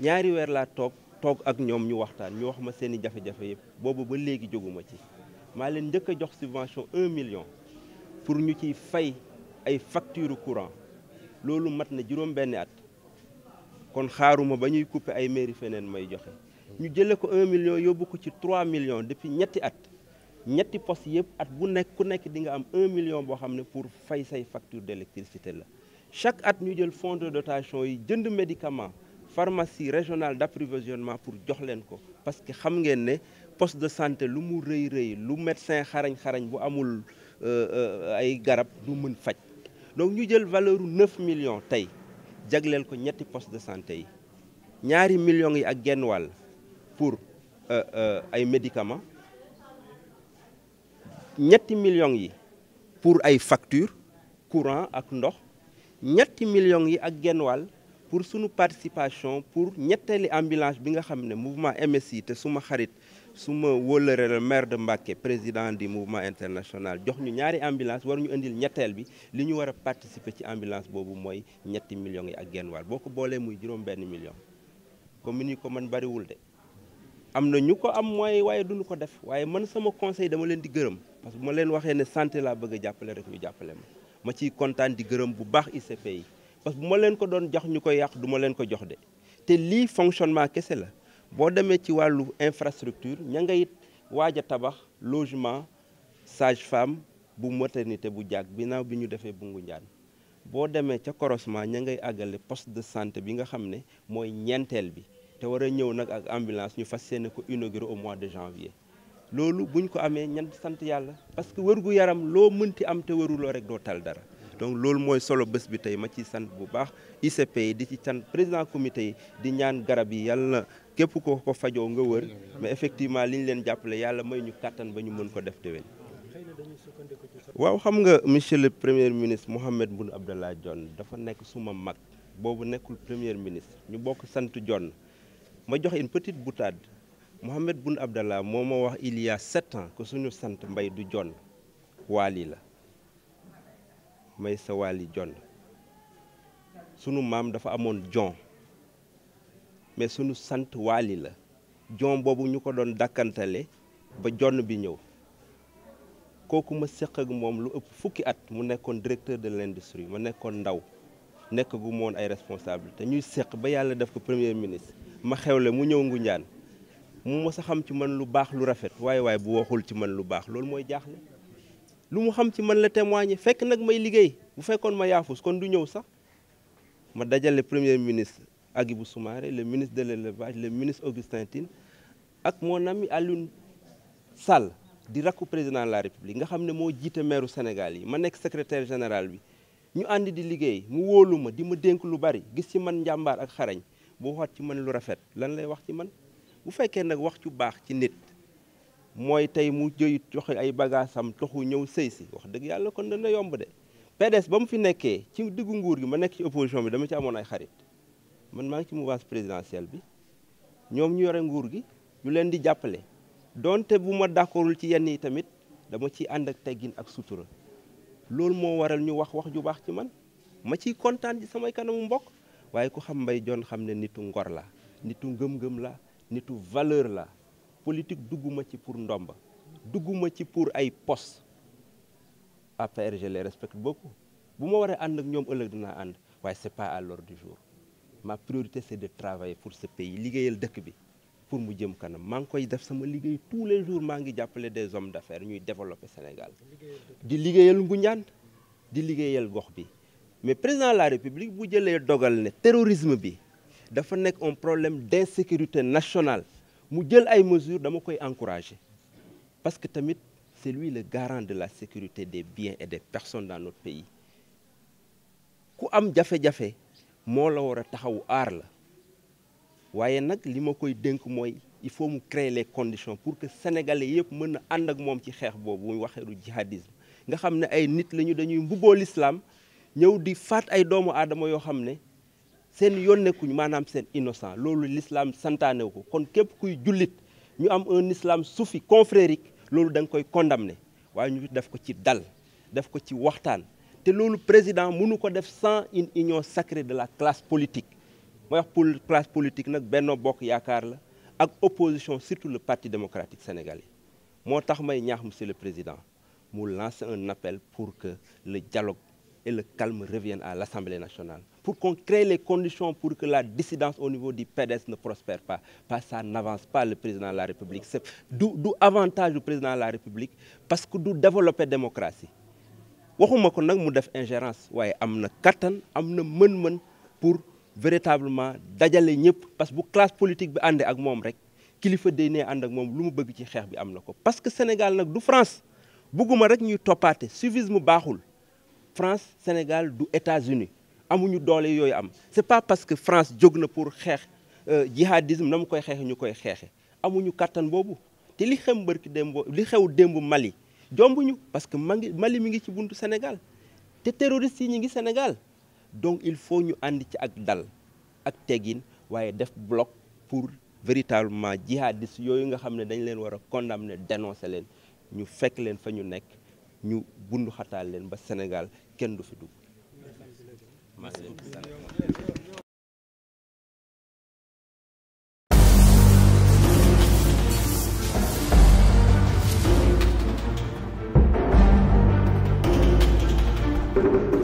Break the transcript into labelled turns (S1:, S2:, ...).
S1: ñaari weer laa toog toog ak ñoom ñu waxtaan ñu wax ma seen i jafe yëpp boobu ba léegi jóguma ci maa leen njëkk a jox subvention un million pour ñu ciy fay ay facture courant loolu mat na juróom-benni at kon xaaruma ba ñuy couper ay mairie feneen may joxe ñu jëlee ko un million yóbbu ko ci trois millions depuis ñetti at ñetti poste yëpp at bu nekk ku nekk di nga am un million boo xam ne pour fay say facture d'électricité la chaque at ñu jël fonds de dotation yi jënd médicament pharmacie régionale d'approvisionnement pour jox leen ko parce que xam ngeen ne poste de santé lu mu rëy rëy lu médecin xarañ-xarañ bu amul euh, euh, ay garab du mun faj donc ñu jël valeur u 9 millions tey jagleel ko ñetti poste de santé yi ñaari millions yi ak genn wàll pour euh, ay médicament ñetti millions yi pour ay factures courant ak ndox ñetti millions yi ak genn wàll pour suñu participation pour ñetteeli ambulance bi nga xam ne mouvement MSI te suma xarit suma wóllëre la maire de Mbacké président du mouvement international jox ñu ñaari ambulance war ñu indil ñetteel bi li ñu war a participer ci ambulance boobu mooy ñetti million yi ak genn wàll boo ko boolee muy juróom benn million commune yi ko man bariwul de am na ñu ko am mooy waaye duñu ko def waaye man sama conseil dama leen di gërëm parce que bu ma leen waxee ne santé laa bëgg jàppale rek ñu jàppale ma ciy kontaan di gërëm bu baax yi parce que bu ma leen ko doon jox ñu koy yàq du ma leen ko jox de te lii fonctionnement kese la boo demee ci wàllu infrastructure ña ngay waaj a tabax logement sage-femme bu maternité bu bi naaw bi ñu defee bungu njaan boo demee ca Corosement ña ngay àggale poste de santé bi nga xam ne mooy ñeenteel bi te war a ñëw nag ak ambulance ñu fas yéene ko inauguré au mois de janvier loolu bu ñu ko amee ñan sant yàlla parce que wërgu yaram loo mënti am te wëruloo rek doo dara donc loolu mooy solo bés bi tey ma ci sant bu baax ICP yi di ci sant président comité yi di ñaan garab yi yàlla na képp ko ko fajoo nga wër mais effectivement li ñu leen jàppale yàlla may ñu kàttan ba ñu mën ko def déwén waaw xam nga monsieur le premier ministre Mohamed Boun Abdallah Dionne dafa nekk suma mag boobu nekkul premier ministre ñu bokk sant Dionne ma jox une petite boutade Mohamed Boun Abdallah moo ma wax il y a sept suñu sant mbay du Dionne waali la may sa jon sunu maam dafa amoon jon mais sunu sant waali la jon boobu ñu ko doon dàkkantale ba jonn bi ñëw kooku ma séq ak moom lu ëpp fukki at mu nekkoon directeur de l'industrie ma nekkoon ndaw nekk gu moon ay responsable te ñuy séq ba yàlla def ko premier ministre ma xew le mu ñëw Ngoundiane mu mës a xam ci man lu baax lu rafet waaye waaye bu waxul ci man lu baax loolu mooy jaaxle lu mu xam ci man la témoigner fekk nag may liggéey bu fekkoon ma yaafus kon du ñëw sax ma dajale premier ministre agi bu Soumaré le ministre de l'élevage le ministre Augustin Tine ak moo ami Alioune Sall di rakku président de la République nga xam ne moo jiite meeru Sénégal yi ma nekk secretaire général bi ñu ànd di liggéey mu wóolu ma di ma dénk lu bari gis ci man njàmbaar ak xarañ bu waxaat ci man lu rafet lan lay wax ci man bu fekkee nag wax ju baax ci nit mooy tey mu jëyut joxe ay bagaasam toxu ñëw sëy si wax dëgg yàlla kon dana yomb de PDS ba mu fi nekkee ci diggu nguur gi ma nekk ci opposition bi dama ci amoon ay xarit man maa ngi ci mouvance présidentielle bi ñoom ñu yore nguur gi ñu leen di jàppale donte bu ma d'accordul ci yenn yi tamit dama ciy ànd ak teggin ak sutura loolu moo waral ñu wax wax ju baax ci man ma ciy kontaan ci samay kanamu mbokk waaye ku xam mbay jon xam ne nitu ngor la nitu ngëm-ngëm la nitu valeur la politique dugguma ci pour ndomba dugguma ci pour ay post APR je les respecte beaucoup bu ma waree ànd ak ñoom ëllëg dinaa ànd waaye c'est pas à l'ordre du jour ma priorité c'est de travailler pour ce pays liggéeyal dëkk bi pour mu jëm kanam maa ngi koy def sama liggéey tous les jours maa ngi jàppale des hommes d'affaires ñuy développer Sénégal di liggéeyal Ngoundiane di liggéeyal gox bi mais président la République bu jëlee dogal ne terrorisme bi dafa nekk un problème d'insécurité nationale mu jël ay mesures dama koy encourager parce que tamit c'est lui le garant de la sécurité des bien et des personnes dans notre pays ku am jafe-jafe moo la war a taxawu aar la waaye nag li ma koy dénk mooy il faut mu créer les pour que sénégalais yëpp mën na ànd ak moom ci xeex boobu muy waxeeru jihadisme nga xam ne ay nit lañu dañuy mbubboo lislaam ñëw di faat ay doomu aadama yoo xam ne seen yoon nekkuñu maanaam seen innocent loolu l'islam santaane wu ko kon képp kuy jullit ñu am un islam soufi confrérique loolu da nga koy condamné waaye ñu def ko ci dal def ko ci waxtaan te loolu président mënu ko def sans une union sacré de la classe politique mooy wax pour classe politique nag Benno Bokk Yaakaar la ak opposition surtout le parti démocratique sénégalais moo tax may ñaax monsieur le président mu lancer un nappel pour que le dialogue et le calme reviennent à l'Assemblée nationale pour qu'on crée les conditions pour que la dissidence au niveau di PDS ne prospère pas. Parce que n'avance pas le président de la République. C'est d'où avantage du président la République parce que du développer démocratie. waxuma ko nag mu def ingérence waaye am na kattan am na mën-mën pour véritablement dajale ñëpp parce que bu classe politique bi àndee ak moom rek kilifa day nee ànd ak moom lu mu bëgg ci xeex bi am na ko. parce que Sénégal nag du France bugguma ñuy toppaate suivisme mu baaxul France Sénégal du États-Unis amuñu doole yooyu am c'est pas parce que France jóg na pour xeex euh, jihadisme na mu koy xeexe ñu koy xeexe amuñu kattan boobu te li xew mbërki démb li xew démb Mali jombuñu parce que ma Mali mi ngi ci buntu Sénégal te terroristes yi ñu ngi Sénégal donc il faut ñu ànd ci ak dal ak teggin waaye def bloc pour véritablement jihadistes yooyu nga xam ne dañ leen war a condamner dénoncer leen ñu fekk leen fa ñu nekk ñu bundu leen ba Sénégal kenn du fi dugg merci beaucoup thank you